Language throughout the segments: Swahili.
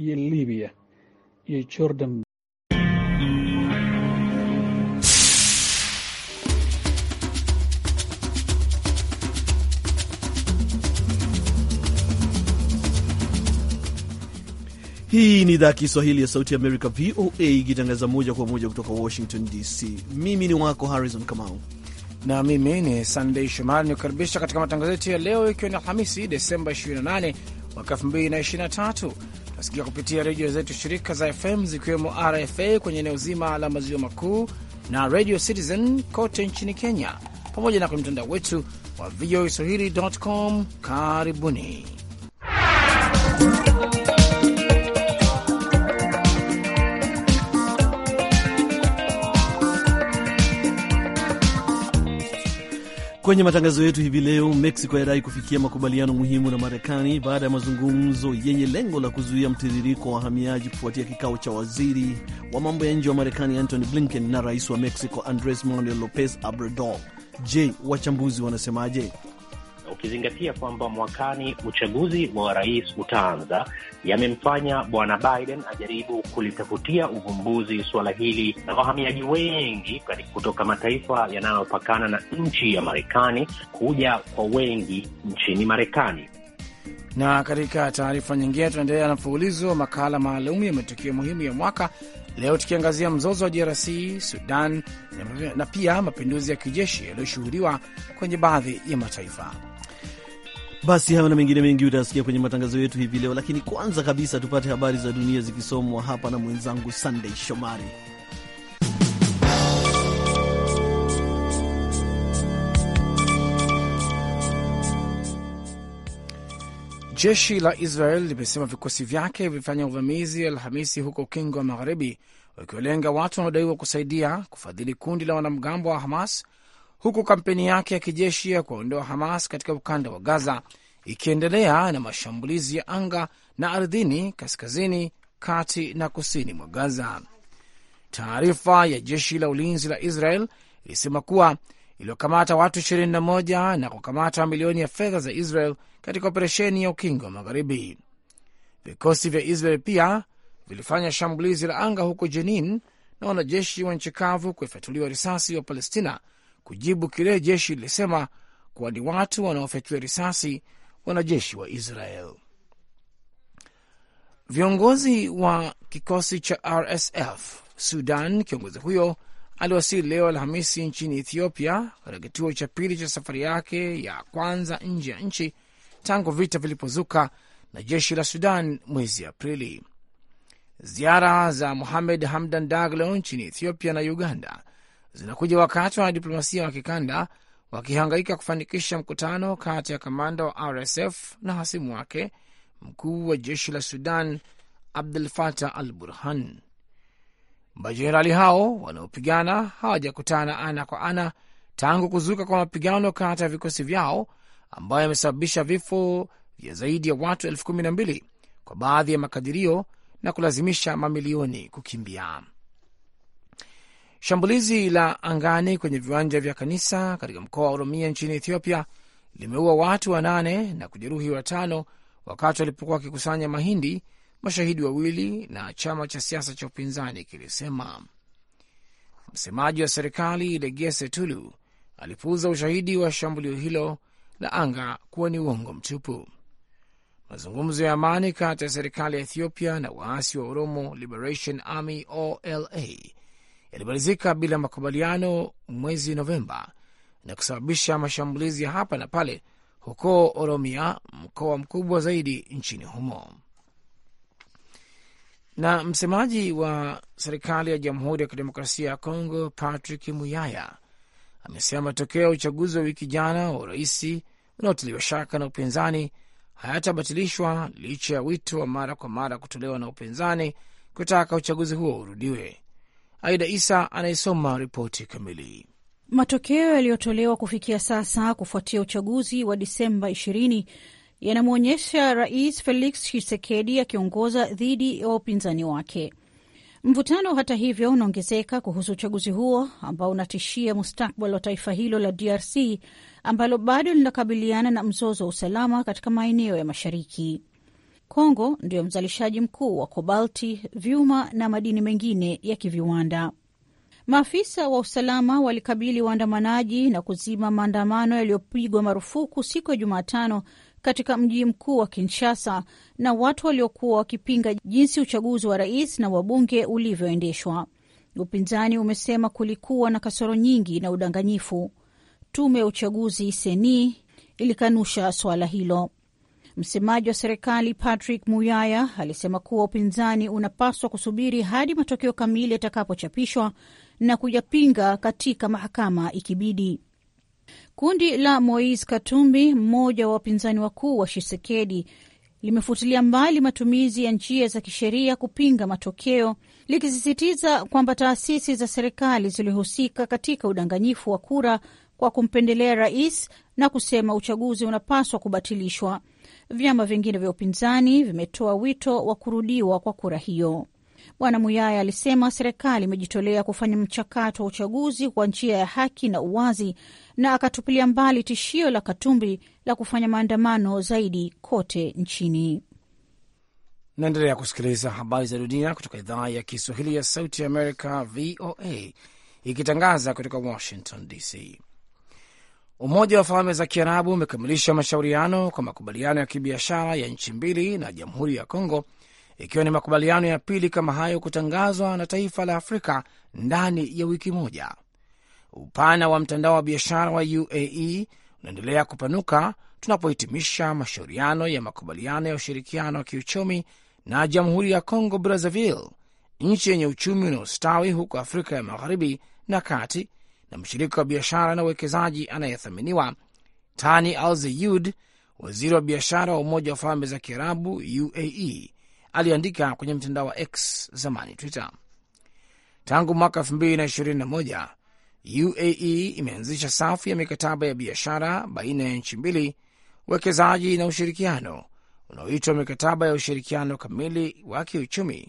iyo Jordan. Hii ni idhaa ya Kiswahili ya Sauti Amerika, VOA, ikitangaza moja kwa moja kutoka Washington DC. Mimi ni wako Harrison Kamau na mimi ni Sandei Shomari, nikukaribisha katika matangazo yetu ya leo, ikiwa ni Alhamisi Desemba 28 mwaka 2023 Nasikia kupitia redio zetu shirika za FM zikiwemo RFA kwenye eneo zima la maziwa makuu na Radio Citizen kote nchini Kenya, pamoja na kwenye mtandao wetu wa voa swahilicom Karibuni Kwenye matangazo yetu hivi leo, Mexico yadai kufikia makubaliano muhimu na Marekani baada ya mazungumzo yenye lengo la kuzuia mtiririko wa wahamiaji kufuatia kikao cha waziri wa mambo ya nje wa Marekani Antony Blinken na rais wa Mexico Andres Manuel Lopez Obrador. Je, wachambuzi wanasemaje? ukizingatia kwamba mwakani uchaguzi wa rais utaanza, yamemfanya bwana Biden ajaribu kulitafutia uvumbuzi suala hili, na wahamiaji wengi kutoka mataifa yanayopakana na nchi ya Marekani kuja kwa wengi nchini Marekani. Na katika taarifa nyingine, tunaendelea na mfululizo wa makala maalum ya matukio muhimu ya mwaka leo tukiangazia mzozo wa DRC, Sudan na pia mapinduzi ya kijeshi yaliyoshuhudiwa kwenye baadhi ya mataifa. Basi hayo na mengine mengi utasikia kwenye matangazo yetu hivi leo, lakini kwanza kabisa tupate habari za dunia zikisomwa hapa na mwenzangu Sunday Shomari. Jeshi la Israel limesema vikosi vyake vilifanya uvamizi Alhamisi huko Ukingo wa Magharibi, wakiwalenga watu wanaodaiwa kusaidia kufadhili kundi la wanamgambo wa Hamas huku kampeni yake ya kijeshi ya kuondoa Hamas katika ukanda wa Gaza ikiendelea na mashambulizi ya anga na ardhini kaskazini, kati na kusini mwa Gaza. Taarifa ya jeshi la ulinzi la Israel ilisema kuwa iliyokamata watu 21 na kukamata milioni ya fedha za Israel katika operesheni ya ukingo wa Magharibi. Vikosi vya Israel pia vilifanya shambulizi la anga huko Jenin na wanajeshi wa nchi kavu kuifyatuliwa risasi wa Palestina kujibu kile jeshi lilisema kuwa ni watu wanaofyatua risasi wanajeshi wa Israel. Viongozi wa kikosi cha RSF Sudan, kiongozi huyo aliwasili leo Alhamisi nchini Ethiopia katika kituo cha pili cha safari yake ya kwanza nje ya nchi tangu vita vilipozuka na jeshi la Sudan mwezi Aprili. Ziara za Mohamed Hamdan Daglo nchini Ethiopia na Uganda zinakuja wakati wa diplomasia wa kikanda wakihangaika kufanikisha mkutano kati ya kamanda wa RSF na hasimu wake mkuu wa jeshi la Sudan Abdul Fatah al Burhan. Majenerali hao wanaopigana hawajakutana ana kwa ana tangu kuzuka kwa mapigano kati ya vikosi vyao ambayo yamesababisha vifo vya zaidi ya watu elfu kumi na mbili kwa baadhi ya makadirio na kulazimisha mamilioni kukimbia. Shambulizi la angani kwenye viwanja vya kanisa katika mkoa wa Oromia nchini Ethiopia limeua watu wanane na kujeruhi watano wakati walipokuwa wakikusanya mahindi, mashahidi wawili na chama cha siasa cha upinzani kilisema. Msemaji wa serikali Legese Tulu alipuuza ushahidi wa shambulio hilo la anga kuwa ni uongo mtupu. Mazungumzo ya amani kati ya serikali ya Ethiopia na waasi wa Oromo Liberation Army OLA yalimalizika bila makubaliano mwezi Novemba na kusababisha mashambulizi ya hapa na pale huko Oromia, mkoa mkubwa zaidi nchini humo. Na msemaji wa serikali ya Jamhuri ya Kidemokrasia ya Kongo Patrick Muyaya amesema matokeo ya uchaguzi wa wiki jana wa uraisi unaotiliwa shaka na upinzani hayatabatilishwa licha ya wito wa mara kwa mara kutolewa na upinzani kutaka uchaguzi huo urudiwe. Aida Isa anayesoma ripoti kamili. Matokeo yaliyotolewa kufikia sasa kufuatia uchaguzi wa Disemba 20 yanamwonyesha Rais Felix Tshisekedi akiongoza dhidi ya wapinzani wake. Mvutano hata hivyo unaongezeka kuhusu uchaguzi huo ambao unatishia mustakbali wa taifa hilo la DRC ambalo bado linakabiliana na mzozo wa usalama katika maeneo ya mashariki. Kongo ndio mzalishaji mkuu wa kobalti, vyuma na madini mengine ya kiviwanda. Maafisa wa usalama walikabili waandamanaji na kuzima maandamano yaliyopigwa marufuku siku ya Jumatano katika mji mkuu wa Kinshasa na watu waliokuwa wakipinga jinsi uchaguzi wa rais na wabunge ulivyoendeshwa. Upinzani umesema kulikuwa na kasoro nyingi na udanganyifu. Tume ya uchaguzi seni ilikanusha swala hilo. Msemaji wa serikali Patrick Muyaya alisema kuwa upinzani unapaswa kusubiri hadi matokeo kamili yatakapochapishwa na kuyapinga katika mahakama ikibidi. Kundi la Moise Katumbi, mmoja wa wapinzani wakuu wa Shisekedi, limefutilia mbali matumizi ya njia za kisheria kupinga matokeo, likisisitiza kwamba taasisi za serikali zilihusika katika udanganyifu wa kura kwa kumpendelea rais na kusema uchaguzi unapaswa kubatilishwa. Vyama vingine vya upinzani vimetoa wito wa kurudiwa kwa kura hiyo. Bwana Muyaya alisema serikali imejitolea kufanya mchakato wa uchaguzi kwa njia ya haki na uwazi, na akatupilia mbali tishio la Katumbi la kufanya maandamano zaidi kote nchini. Naendelea kusikiliza habari za dunia kutoka idhaa ya Kiswahili ya Sauti ya Amerika, VOA, ikitangaza kutoka Washington DC. Umoja wa Falme za Kiarabu umekamilisha mashauriano kwa makubaliano ya kibiashara ya nchi mbili na Jamhuri ya Kongo, ikiwa ni makubaliano ya pili kama hayo kutangazwa na taifa la Afrika ndani ya wiki moja. Upana wa mtandao wa biashara wa UAE unaendelea kupanuka tunapohitimisha mashauriano ya makubaliano ya ushirikiano wa kiuchumi na Jamhuri ya Kongo Brazzaville, nchi yenye uchumi unaostawi huko Afrika ya Magharibi na Kati na mshirika wa biashara na uwekezaji anayethaminiwa Tani Al waziri wa biashara wa Umoja wa Falme za Kiarabu UAE, aliandika kwenye mtandao wa X zamani Twitter. Tangu mwaka 2021 UAE imeanzisha safu ya mikataba ya biashara baina ya nchi mbili, uwekezaji na ushirikiano unaoitwa mikataba ya ushirikiano kamili wa kiuchumi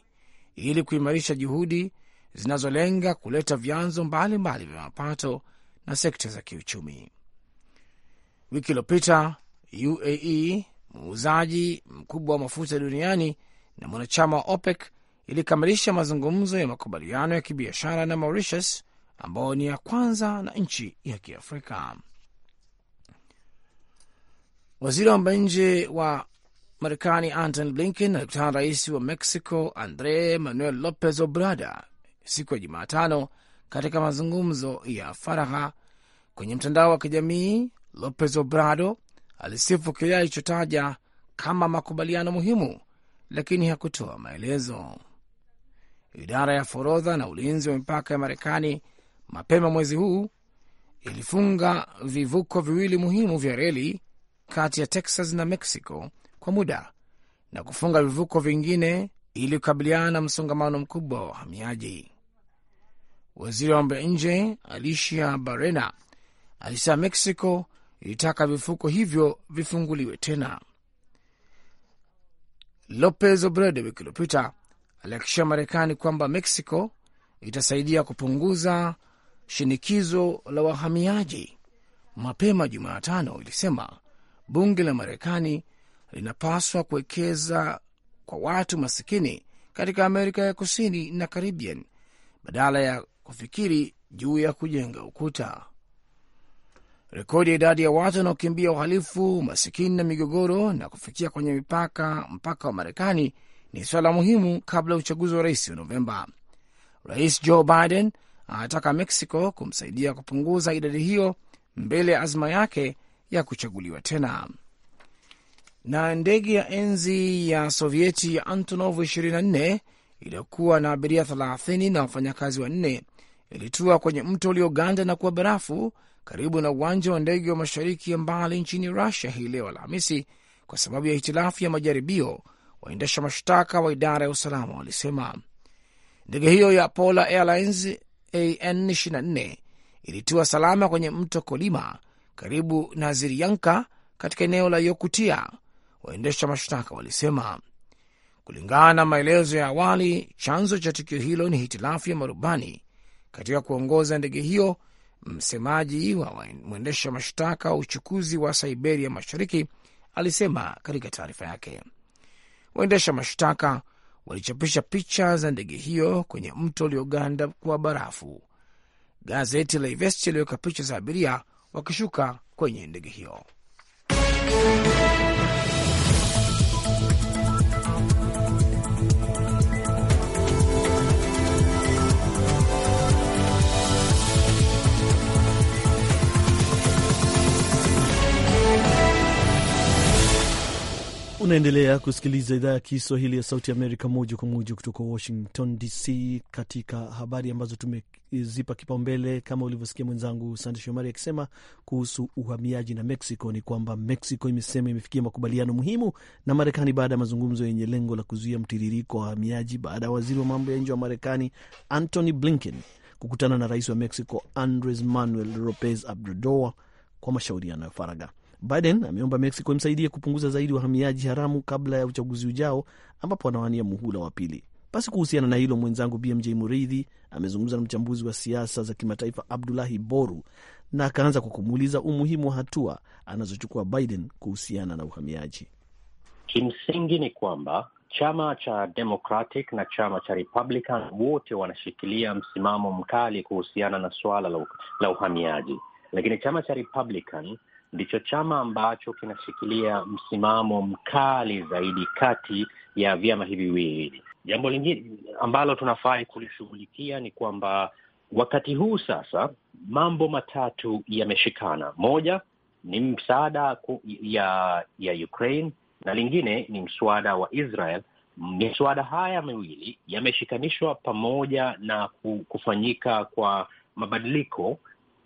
ili kuimarisha juhudi zinazolenga kuleta vyanzo mbalimbali vya mapato na sekta za kiuchumi. Wiki iliyopita UAE, muuzaji mkubwa wa mafuta duniani na mwanachama wa OPEC, ilikamilisha mazungumzo ya makubaliano ya kibiashara na Mauritius, ambayo ni ya kwanza na nchi ya Kiafrika. Waziri wa mambo ya nje wa Marekani Anton Blinken alikutana na rais wa Mexico Andre Manuel Lopez Obrador siku ya Jumatano katika mazungumzo ya faragha kwenye mtandao wa kijamii. Lopez Obrador alisifu kile alichotaja kama makubaliano muhimu, lakini hakutoa maelezo. Idara ya forodha na ulinzi wa mipaka ya Marekani mapema mwezi huu ilifunga vivuko viwili muhimu vya reli kati ya Texas na Mexico kwa muda na kufunga vivuko vingine ili kukabiliana na msongamano mkubwa wa wahamiaji. Waziri wa mambo ya nje Alicia Barena alisema Mexico ilitaka vifuko hivyo vifunguliwe tena. Lopez Obrador wiki iliopita alihakikishia Marekani kwamba Mexico itasaidia kupunguza shinikizo la wahamiaji. Mapema Jumatano ilisema bunge la Marekani linapaswa kuwekeza kwa watu masikini katika Amerika ya Kusini na Caribbean badala ya kufikiri juu ya kujenga ukuta. Rekodi ya idadi ya watu wanaokimbia uhalifu, masikini na migogoro na kufikia kwenye mipaka mpaka wa Marekani ni swala muhimu kabla ya uchaguzi wa rais wa Novemba. Rais Joe Biden anataka Mexico kumsaidia kupunguza idadi hiyo mbele ya azma yake ya kuchaguliwa tena. Na ndege ya enzi ya Sovieti ya Antonov 24 iliyokuwa na abiria 30 na wafanyakazi wanne ilitua kwenye mto ulioganda na kuwa barafu karibu na uwanja wa ndege wa mashariki ya mbali nchini Rusia hii leo Alhamisi kwa sababu ya hitilafu ya majaribio, waendesha mashtaka wa idara ya usalama walisema. Ndege hiyo ya Polar Airlines AN 24 ilitua salama kwenye mto Kolima karibu na Zirianka katika eneo la Yokutia, waendesha mashtaka walisema. Kulingana na maelezo ya awali, chanzo cha tukio hilo ni hitilafu ya marubani katika kuongoza ndege hiyo. Msemaji wa mwendesha mashtaka wa uchukuzi wa Siberia Mashariki alisema katika taarifa yake, waendesha mashtaka walichapisha picha za ndege hiyo kwenye mto ulioganda kwa barafu. Gazeti la Ivesti iliweka picha za abiria wakishuka kwenye ndege hiyo. Unaendelea kusikiliza idhaa ya Kiswahili ya Sauti Amerika moja kwa moja kutoka Washington DC, katika habari ambazo tumezipa kipaumbele. Kama ulivyosikia mwenzangu Sande Shomari akisema kuhusu uhamiaji na Mexico, ni kwamba Mexico imesema imefikia makubaliano muhimu na Marekani baada ya mazungumzo yenye lengo la kuzuia mtiririko wa wahamiaji baada ya waziri wa mambo ya nje wa Marekani Antony Blinken kukutana na rais wa Mexico Andres Manuel Lopez Obrador kwa mashauriano ya faragha. Biden ameomba Mexico imsaidie kupunguza zaidi wahamiaji haramu kabla ya uchaguzi ujao ambapo anawania muhula wa pili. Basi kuhusiana na hilo, mwenzangu BMJ Muridhi amezungumza na mchambuzi wa siasa za kimataifa Abdulahi Boru na akaanza kwa kumuuliza umuhimu wa hatua anazochukua Biden kuhusiana na uhamiaji. Kimsingi ni kwamba chama cha Democratic na chama cha Republican wote wanashikilia msimamo mkali kuhusiana na suala la, uhamiaji, lakini chama cha Republican ndicho chama ambacho kinashikilia msimamo mkali zaidi kati ya vyama hivi viwili. Jambo lingine ambalo tunafai kulishughulikia ni kwamba wakati huu sasa mambo matatu yameshikana. Moja ni msaada ya ya Ukraine na lingine ni mswada wa Israel. Miswada haya miwili yameshikanishwa pamoja na kufanyika kwa mabadiliko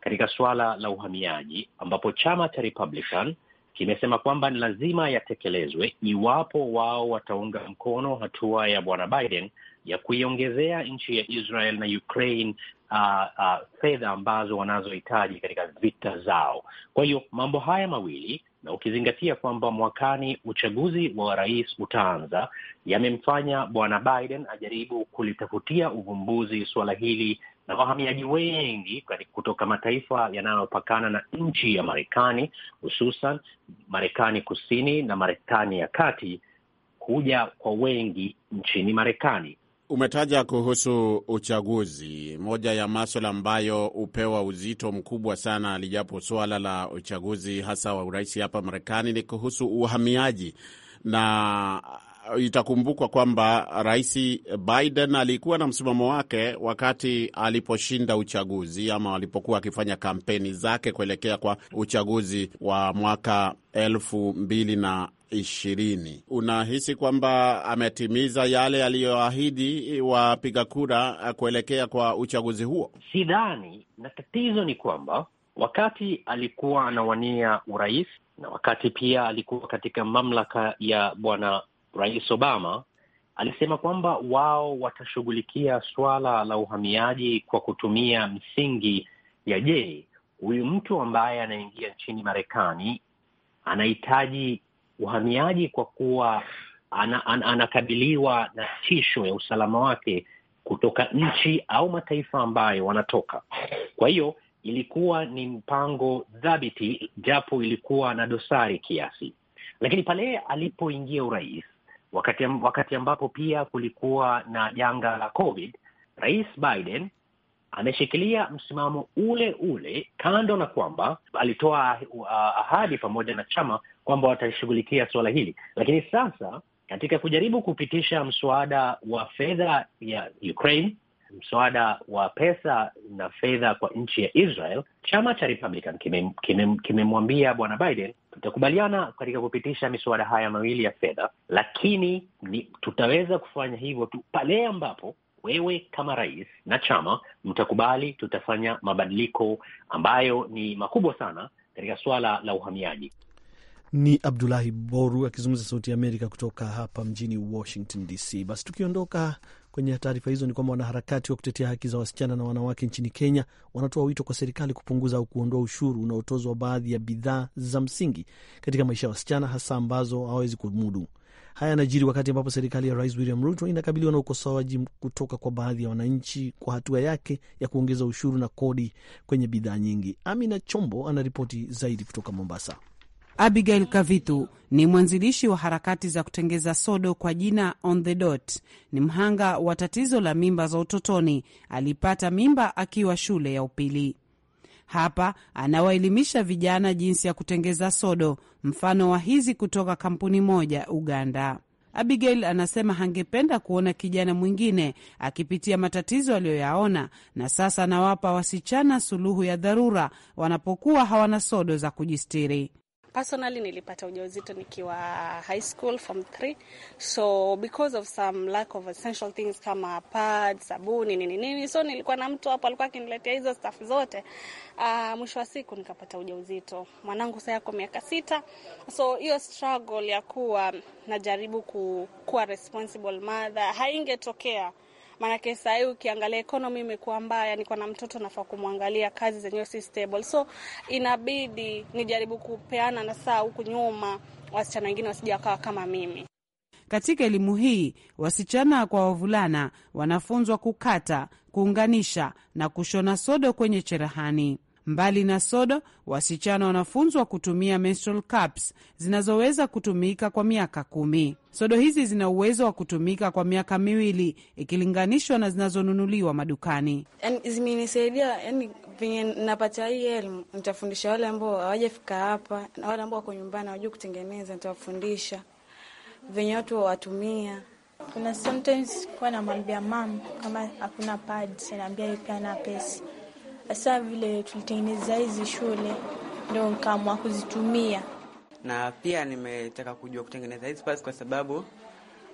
katika suala la uhamiaji, ambapo chama cha Republican kimesema kwamba ni lazima yatekelezwe iwapo wao wataunga mkono hatua ya bwana Biden ya kuiongezea nchi ya Israel na Ukraine uh, uh, fedha ambazo wanazohitaji katika vita zao. Kwa hiyo mambo haya mawili na ukizingatia kwamba mwakani uchaguzi wa rais utaanza, yamemfanya bwana Biden ajaribu kulitafutia uvumbuzi suala hili na wahamiaji wengi kutoka mataifa yanayopakana na nchi ya Marekani, hususan Marekani kusini na Marekani ya kati kuja kwa wengi nchini Marekani. Umetaja kuhusu uchaguzi, moja ya maswala ambayo hupewa uzito mkubwa sana, lijapo swala la uchaguzi hasa wa urais hapa Marekani ni kuhusu uhamiaji na itakumbukwa kwamba Rais Biden alikuwa na msimamo wake wakati aliposhinda uchaguzi ama alipokuwa akifanya kampeni zake kuelekea kwa uchaguzi wa mwaka elfu mbili na ishirini. Unahisi kwamba ametimiza yale aliyoahidi wapiga kura kuelekea kwa uchaguzi huo? Sidhani, na tatizo ni kwamba wakati alikuwa anawania urais na wakati pia alikuwa katika mamlaka ya bwana Rais Obama alisema kwamba wao watashughulikia swala la uhamiaji kwa kutumia misingi ya je, huyu mtu ambaye anaingia nchini Marekani anahitaji uhamiaji kwa kuwa ana, an, anakabiliwa na tisho ya usalama wake kutoka nchi au mataifa ambayo wanatoka. Kwa hiyo ilikuwa ni mpango thabiti, japo ilikuwa na dosari kiasi, lakini pale alipoingia urais wakati, wakati ambapo pia kulikuwa na janga la COVID, Rais Biden ameshikilia msimamo ule ule, kando na kwamba alitoa ah, ahadi pamoja na chama kwamba watashughulikia suala hili, lakini sasa katika kujaribu kupitisha mswada wa fedha ya Ukraine mswada wa pesa na fedha kwa nchi ya Israel, chama cha Republican kimemwambia kime, bwana Biden, tutakubaliana katika kupitisha miswada haya mawili ya fedha, lakini ni, tutaweza kufanya hivyo tu pale ambapo wewe kama rais na chama mtakubali tutafanya mabadiliko ambayo ni makubwa sana katika suala la uhamiaji. Ni Abdulahi Boru akizungumza Sauti ya Amerika kutoka hapa mjini Washington DC. Basi tukiondoka Kwenye taarifa hizo ni kwamba wanaharakati wa kutetea haki za wasichana na wanawake nchini Kenya wanatoa wito kwa serikali kupunguza au kuondoa ushuru unaotozwa baadhi ya bidhaa za msingi katika maisha ya wasichana, hasa ambazo hawawezi kumudu. Haya yanajiri wakati ambapo serikali ya Rais William Ruto inakabiliwa na ukosoaji kutoka kwa baadhi ya wananchi kwa hatua yake ya kuongeza ushuru na kodi kwenye bidhaa nyingi. Amina Chombo anaripoti zaidi kutoka Mombasa. Abigail Kavitu ni mwanzilishi wa harakati za kutengeza sodo kwa jina On The Dot. Ni mhanga wa tatizo la mimba za utotoni. Alipata mimba akiwa shule ya upili. Hapa anawaelimisha vijana jinsi ya kutengeza sodo, mfano wa hizi kutoka kampuni moja Uganda. Abigail anasema hangependa kuona kijana mwingine akipitia matatizo aliyoyaona, na sasa anawapa wasichana suluhu ya dharura wanapokuwa hawana sodo za kujistiri. Personally, nilipata ujauzito nikiwa high school form 3, so because of some lack of essential things kama pads, sabuni nini nini, so nilikuwa na mtu hapo alikuwa akiniletea hizo stuff zote. Uh, mwisho wa siku nikapata ujauzito. Mwanangu sasa yako miaka sita, so hiyo struggle ya kuwa najaribu ku, kuwa responsible mother haingetokea maanake saa hii ukiangalia economy imekuwa mbaya, niko na mtoto nafaa kumwangalia, kazi zenyewe si stable, so inabidi nijaribu kupeana na saa huku nyuma, wasichana wengine wasije wakawa kama mimi. Katika elimu hii wasichana kwa wavulana wanafunzwa kukata, kuunganisha na kushona sodo kwenye cherehani. Mbali na sodo, wasichana wanafunzwa kutumia menstrual cups zinazoweza kutumika kwa miaka kumi. Sodo hizi zina uwezo wa kutumika kwa miaka miwili ikilinganishwa na zinazonunuliwa madukani. Yaani, zimenisaidia yani, venye napata hii elimu, nitafundisha wale ambao hawajafika hapa na wale ambao wako nyumbani hawajui kutengeneza, nitawafundisha venye watu wawatumia kuna sometimes kuwa namwambia mam kama hakuna pad, anaambia pia na pesi hasa vile tulitengeneza hizi shule, ndo nikaamua kuzitumia, na pia nimetaka kujua kutengeneza hizi pasi kwa sababu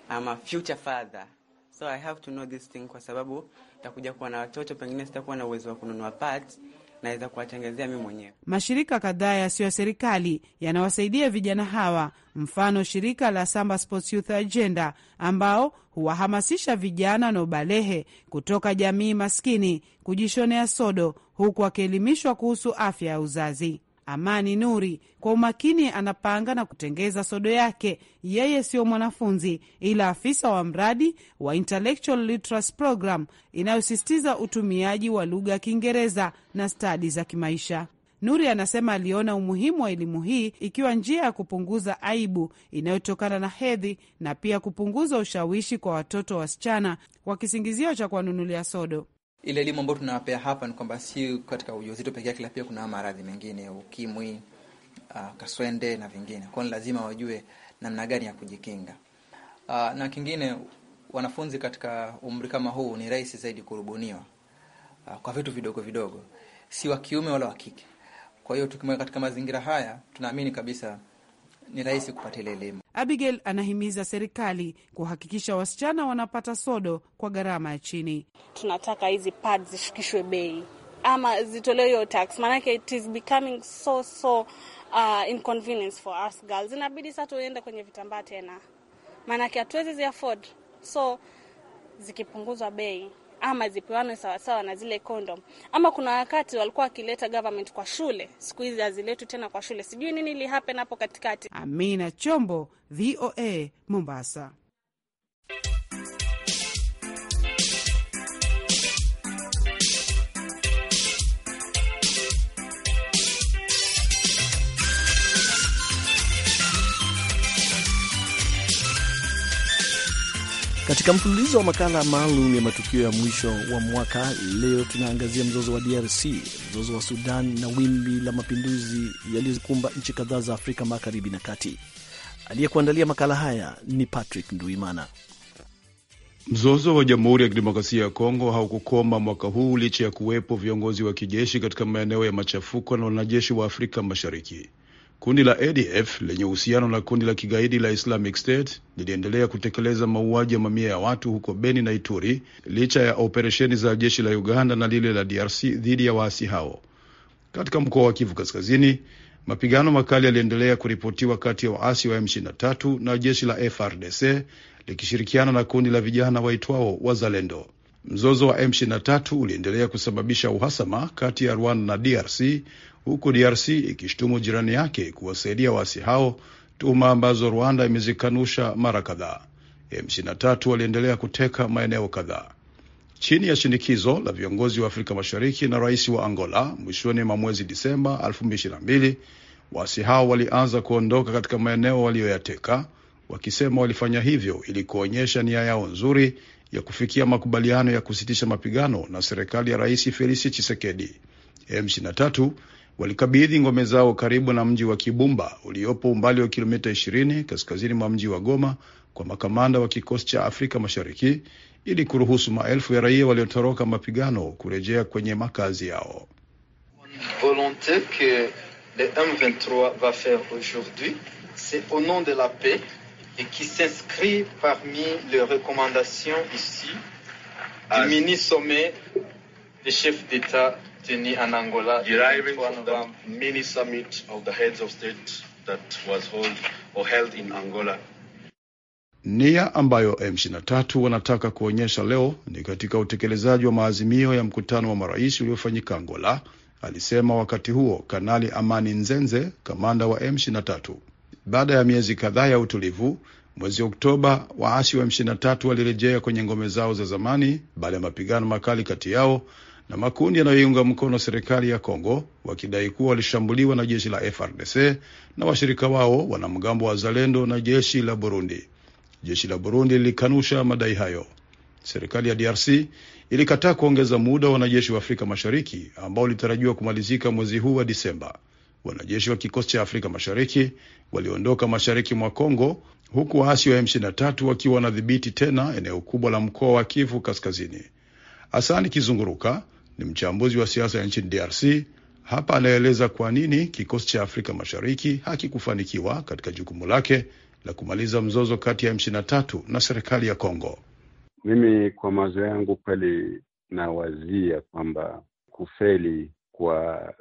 I'm a future father so I have to know this thing, kwa sababu nitakuja kuwa na watoto, pengine sitakuwa na uwezo wa kununua parts naweza kuwatengezea mi mwenyewe. Mashirika kadhaa yasiyo ya serikali yanawasaidia vijana hawa, mfano shirika la Samba Sports Youth Agenda ambao huwahamasisha vijana na ubalehe kutoka jamii maskini kujishonea sodo, huku wakielimishwa kuhusu afya ya uzazi. Amani Nuri kwa umakini anapanga na kutengeza sodo yake. Yeye siyo mwanafunzi ila afisa wa mradi wa Intellectual Literacy Program inayosisitiza utumiaji wa lugha ya Kiingereza na stadi za kimaisha. Nuri anasema aliona umuhimu wa elimu hii ikiwa njia ya kupunguza aibu inayotokana na hedhi na pia kupunguza ushawishi kwa watoto wasichana kwa kisingizio cha kuwanunulia sodo. Ile elimu ambayo tunawapea hapa ni kwamba si katika ujauzito peke yake, pia kuna maradhi mengine, ukimwi, uh, kaswende na vingine. Kwa hiyo lazima wajue namna gani ya kujikinga. Uh, na kingine, wanafunzi katika umri kama huu ni rahisi zaidi kurubuniwa uh, kwa vitu vidogo vidogo, si wa kiume wala wa kike. Kwa hiyo tukimweka katika mazingira haya, tunaamini kabisa ni rahisi kupata ile elimu. Abigail anahimiza serikali kuhakikisha wasichana wanapata sodo kwa gharama ya chini. Tunataka hizi pads zishukishwe bei ama zitolewe hiyo tax, maanake it is becoming so so uh, inconvenience for us girls. Inabidi sasa tuende kwenye vitambaa tena, maanake hatuwezi zi afford, so zikipunguzwa bei ama zipewane sawasawa na zile kondom. Ama kuna wakati walikuwa wakileta government kwa shule, siku hizi haziletwi tena kwa shule. Sijui nini lihapen hapo katikati. Amina Chombo, VOA, Mombasa. Katika mfululizo wa makala maalum ya matukio ya mwisho wa mwaka, leo tunaangazia mzozo wa DRC, mzozo wa Sudan na wimbi la mapinduzi yaliyokumba nchi kadhaa za Afrika magharibi na kati. Aliyekuandalia makala haya ni Patrick Nduimana. Mzozo wa Jamhuri ya Kidemokrasia ya Kongo haukukoma mwaka huu licha ya kuwepo viongozi wa kijeshi katika maeneo ya machafuko na wanajeshi wa Afrika Mashariki. Kundi la ADF lenye uhusiano na kundi la kigaidi la Islamic State liliendelea kutekeleza mauaji ya mamia ya watu huko Beni na Ituri licha ya operesheni za jeshi la Uganda na lile la DRC dhidi ya waasi hao. Katika mkoa wa Kivu Kaskazini, mapigano makali yaliendelea kuripotiwa kati ya waasi wa M23 na jeshi la FRDC likishirikiana na kundi la vijana waitwao Wazalendo. Mzozo wa M23 uliendelea kusababisha uhasama kati ya Rwanda na DRC huku DRC ikishtumu jirani yake kuwasaidia waasi hao, tuhuma ambazo Rwanda imezikanusha mara kadhaa. M23 waliendelea kuteka maeneo kadhaa chini ya shinikizo la viongozi wa Afrika Mashariki na rais wa Angola. Mwishoni mwa mwezi Disemba 2022 waasi hao walianza kuondoka katika maeneo waliyoyateka, wakisema walifanya hivyo ili kuonyesha nia yao nzuri ya kufikia makubaliano ya kusitisha mapigano na serikali ya Rais Felisi Chisekedi. M23 walikabidhi ngome zao karibu na mji wa Kibumba uliopo umbali wa kilomita 20 kaskazini mwa mji wa Goma kwa makamanda wa kikosi cha Afrika Mashariki ili kuruhusu maelfu ya raia waliotoroka mapigano kurejea kwenye makazi yao nchini Anangola deriving from the mini summit of the heads of state that was hold or held in Angola. Nia ambayo M23 wanataka kuonyesha leo ni katika utekelezaji wa maazimio ya mkutano wa marais uliofanyika Angola, alisema wakati huo Kanali Amani Nzenze, kamanda wa M23. Baada ya miezi kadhaa ya utulivu, mwezi Oktoba waasi wa M23 walirejea kwenye ngome zao za zamani baada ya mapigano makali kati yao na makundi yanayoiunga mkono serikali ya Kongo wakidai kuwa walishambuliwa na jeshi la frdc na washirika wao wanamgambo wa Zalendo na jeshi la Burundi. Jeshi la Burundi lilikanusha madai hayo. Serikali ya DRC ilikataa kuongeza muda wa wanajeshi wa Afrika Mashariki ambao ulitarajiwa kumalizika mwezi huu wa Disemba. Wanajeshi wa kikosi cha Afrika Mashariki waliondoka mashariki mwa Kongo huku waasi wa M23 wakiwa wanadhibiti tena eneo kubwa la mkoa wa Kivu Kaskazini. Asani Kizunguruka ni mchambuzi wa siasa ya nchini DRC. Hapa anaeleza kwa nini kikosi cha Afrika Mashariki hakikufanikiwa katika jukumu lake la kumaliza mzozo kati ya M23 na serikali ya Kongo. Mimi kwa mawazo yangu kweli nawazia kwamba kufeli kwa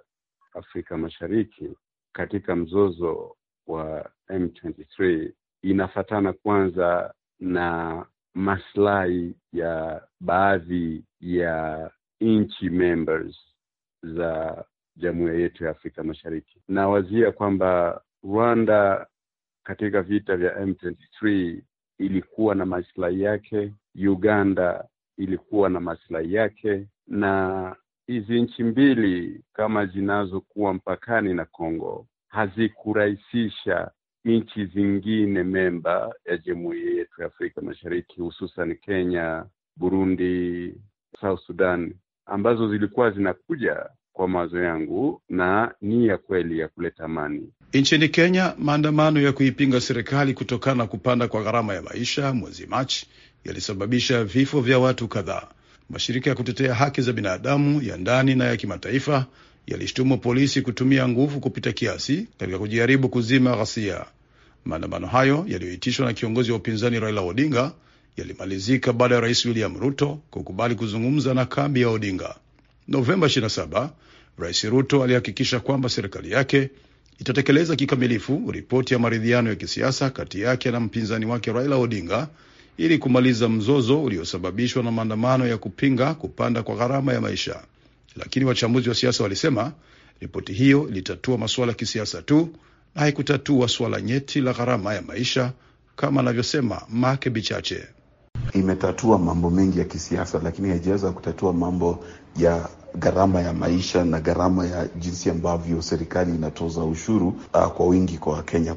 Afrika Mashariki katika mzozo wa M23 inafatana kwanza na maslahi ya baadhi ya nchi members za jamhuri yetu ya Afrika Mashariki. Nawazia kwamba Rwanda katika vita vya M23 ilikuwa na maslahi yake, Uganda ilikuwa na maslahi yake, na hizi nchi mbili kama zinazokuwa mpakani na Kongo hazikurahisisha nchi zingine memba ya jumuiya yetu ya Afrika Mashariki, hususan Kenya, Burundi, South Sudan ambazo zilikuwa zinakuja kwa mawazo yangu na nia kweli ya kuleta amani nchini Kenya. Maandamano ya kuipinga serikali kutokana na kupanda kwa gharama ya maisha mwezi Machi yalisababisha vifo vya watu kadhaa. Mashirika ya kutetea haki za binadamu ya ndani na ya kimataifa yalishtumu polisi kutumia nguvu kupita kiasi katika kujaribu kuzima ghasia. Maandamano hayo yaliyoitishwa na kiongozi wa upinzani Raila Odinga yalimalizika baada ya Rais William Ruto kukubali kuzungumza na kambi ya Odinga. Novemba 27, Rais Ruto alihakikisha kwamba serikali yake itatekeleza kikamilifu ripoti ya maridhiano ya kisiasa kati yake na mpinzani wake Raila Odinga ili kumaliza mzozo uliosababishwa na maandamano ya kupinga kupanda kwa gharama ya maisha. Lakini wachambuzi wa siasa walisema ripoti hiyo ilitatua masuala ya kisiasa tu na haikutatua suala nyeti la gharama ya maisha, kama anavyosema Make Bichache imetatua mambo mengi ya kisiasa, lakini haijaweza kutatua mambo ya gharama ya maisha na gharama ya jinsi ambavyo serikali inatoza ushuru uh, kwa wingi kwa Wakenya.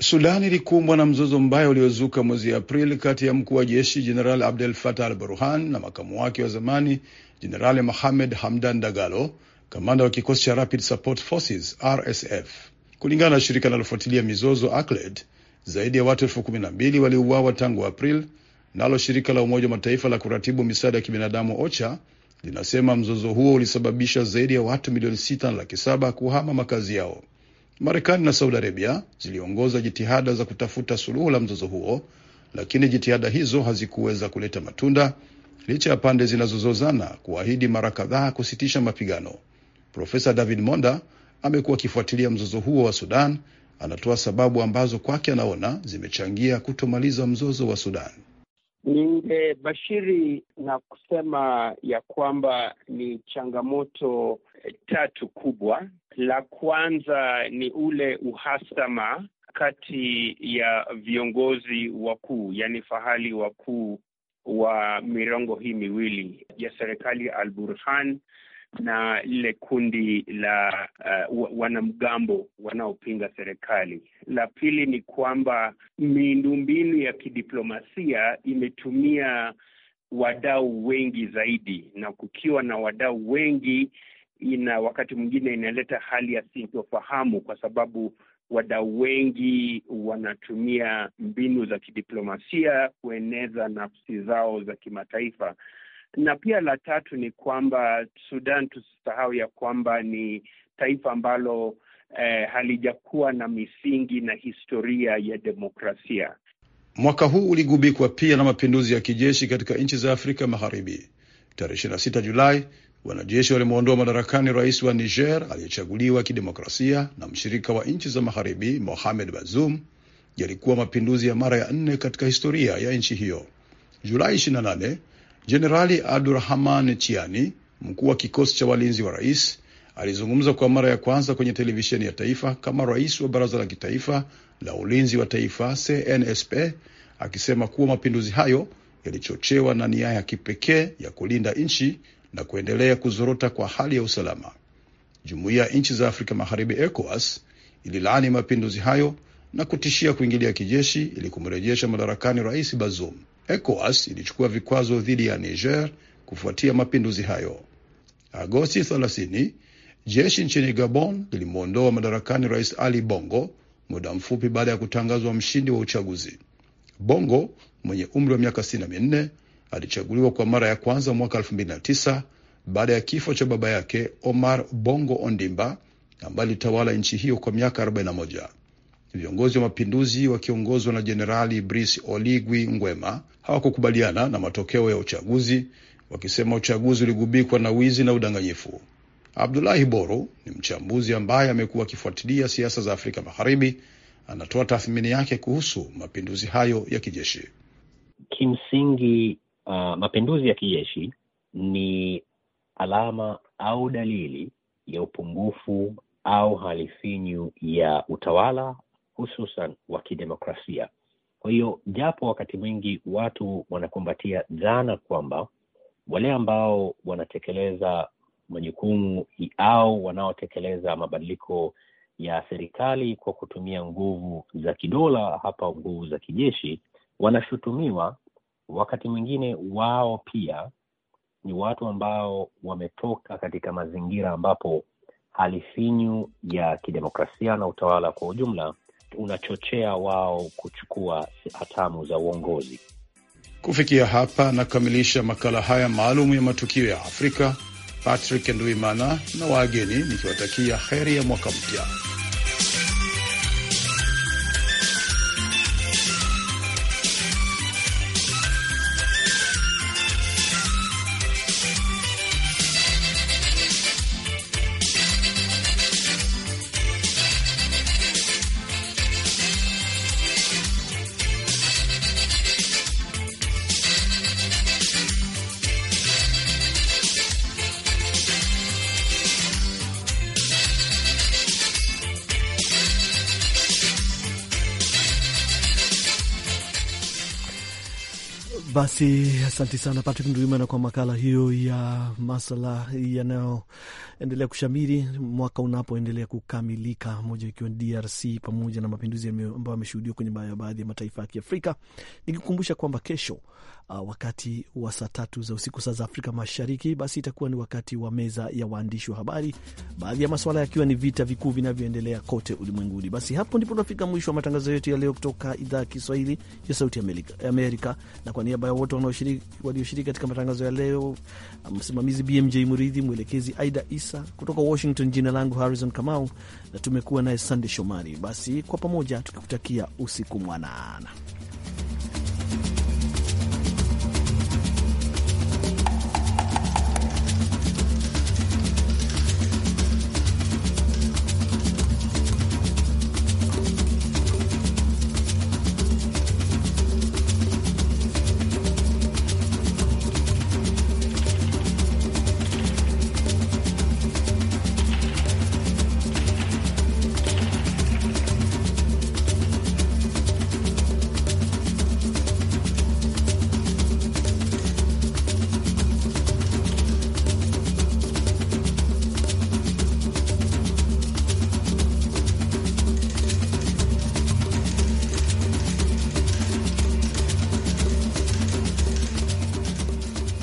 Sudani ilikumbwa na mzozo mbaya uliozuka mwezi Aprili kati ya mkuu wa jeshi Jeneral Abdel fatah al Burhan na makamu wake wa zamani Jenerali Mohamed Hamdan Dagalo, kamanda wa kikosi cha Rapid Support Forces RSF. Kulingana na shirika linalofuatilia mizozo ACLED, zaidi ya watu elfu kumi na mbili waliuawa tangu Aprili Nalo shirika la Umoja wa Mataifa la kuratibu misaada ya kibinadamu OCHA linasema mzozo huo ulisababisha zaidi ya watu milioni sita na laki saba kuhama makazi yao. Marekani na Saudi Arabia ziliongoza jitihada za kutafuta suluhu la mzozo huo, lakini jitihada hizo hazikuweza kuleta matunda licha ya pande zinazozozana kuahidi mara kadhaa kusitisha mapigano. Profesa David Monda amekuwa akifuatilia mzozo huo wa Sudan, anatoa sababu ambazo kwake anaona zimechangia kutomaliza mzozo wa Sudan. Ningebashiri na kusema ya kwamba ni changamoto eh, tatu kubwa. La kwanza ni ule uhasama kati ya viongozi wakuu, yaani fahali wakuu wa mirongo hii miwili ya serikali Al Burhan na lile kundi la uh, wanamgambo wanaopinga serikali. La pili ni kwamba miundombinu ya kidiplomasia imetumia wadau wengi zaidi, na kukiwa na wadau wengi, ina wakati mwingine inaleta hali ya sintofahamu kwa sababu wadau wengi wanatumia mbinu za kidiplomasia kueneza nafsi zao za kimataifa, na pia la tatu ni kwamba Sudan, tusisahau ya kwamba ni taifa ambalo eh, halijakuwa na misingi na historia ya demokrasia. Mwaka huu uligubikwa pia na mapinduzi ya kijeshi katika nchi za Afrika Magharibi. Tarehe 26 Julai, wanajeshi walimwondoa madarakani rais wa Niger aliyechaguliwa kidemokrasia na mshirika wa nchi za magharibi Mohamed Bazoum. Yalikuwa mapinduzi ya mara ya nne katika historia ya nchi hiyo. Julai Jenerali Abdurahman Chiani, mkuu wa kikosi cha walinzi wa rais, alizungumza kwa mara ya kwanza kwenye televisheni ya taifa kama rais wa baraza la kitaifa la ulinzi wa taifa CNSP, akisema kuwa mapinduzi hayo yalichochewa na nia ya kipekee ya kulinda nchi na kuendelea kuzorota kwa hali ya usalama. Jumuiya ya nchi za Afrika Magharibi, ECOWAS, ililaani mapinduzi hayo na kutishia kuingilia kijeshi ili kumrejesha madarakani rais Bazoum. ECOWAS ilichukua vikwazo dhidi ya Niger kufuatia mapinduzi hayo. Agosti 30 jeshi nchini Gabon lilimwondoa madarakani Rais Ali Bongo muda mfupi baada ya kutangazwa mshindi wa uchaguzi. Bongo mwenye umri wa miaka 64 alichaguliwa kwa mara ya kwanza mwaka 2009 baada ya kifo cha baba yake Omar Bongo Ondimba ambaye alitawala nchi hiyo kwa miaka 41. Viongozi wa mapinduzi wakiongozwa na Jenerali Brice Oligui Nguema hawakukubaliana na matokeo ya uchaguzi, wakisema uchaguzi uligubikwa na wizi na udanganyifu. Abdulahi Boro ni mchambuzi ambaye amekuwa akifuatilia siasa za Afrika Magharibi. Anatoa tathmini yake kuhusu mapinduzi hayo ya kijeshi. Kimsingi, uh, mapinduzi ya kijeshi ni alama au dalili ya upungufu au hali finyu ya utawala hususan wa kidemokrasia. Kwa hiyo japo wakati mwingi watu wanakumbatia dhana kwamba wale ambao wanatekeleza majukumu au wanaotekeleza mabadiliko ya serikali kwa kutumia nguvu za kidola, hapa nguvu za kijeshi, wanashutumiwa wakati mwingine, wao pia ni watu ambao wametoka katika mazingira ambapo hali finyu ya kidemokrasia na utawala kwa ujumla unachochea wao kuchukua hatamu za uongozi. Kufikia hapa nakamilisha makala haya maalum ya matukio ya Afrika. Patrick Nduimana na wageni nikiwatakia heri ya mwaka mpya. Basi asante sana Patrick Nduimana kwa makala hiyo ya masala yanayoendelea kushamiri mwaka unapoendelea kukamilika, moja ikiwa DRC pamoja na mapinduzi ambayo yameshuhudiwa kwenye baadhi ya mataifa ya Kiafrika, nikikumbusha kwamba kesho Ah, wakati wa saa tatu za usiku saa za Afrika Mashariki, basi itakuwa ni wakati wa meza ya waandishi wa habari, baadhi ya masuala yakiwa ni vita vikuu vinavyoendelea kote ulimwenguni. Basi hapo ndipo tunafika mwisho wa matangazo yetu ya leo kutoka idhaa ya Kiswahili ya Sauti ya Amerika, na kwa niaba ya wote walioshiriki katika matangazo ya leo, msimamizi BMJ Muridhi, mwelekezi Aida Isa kutoka Washington, jina langu Harrison Kamau na tumekuwa naye Sande Shomari. Basi kwa pamoja tukikutakia usiku mwanana.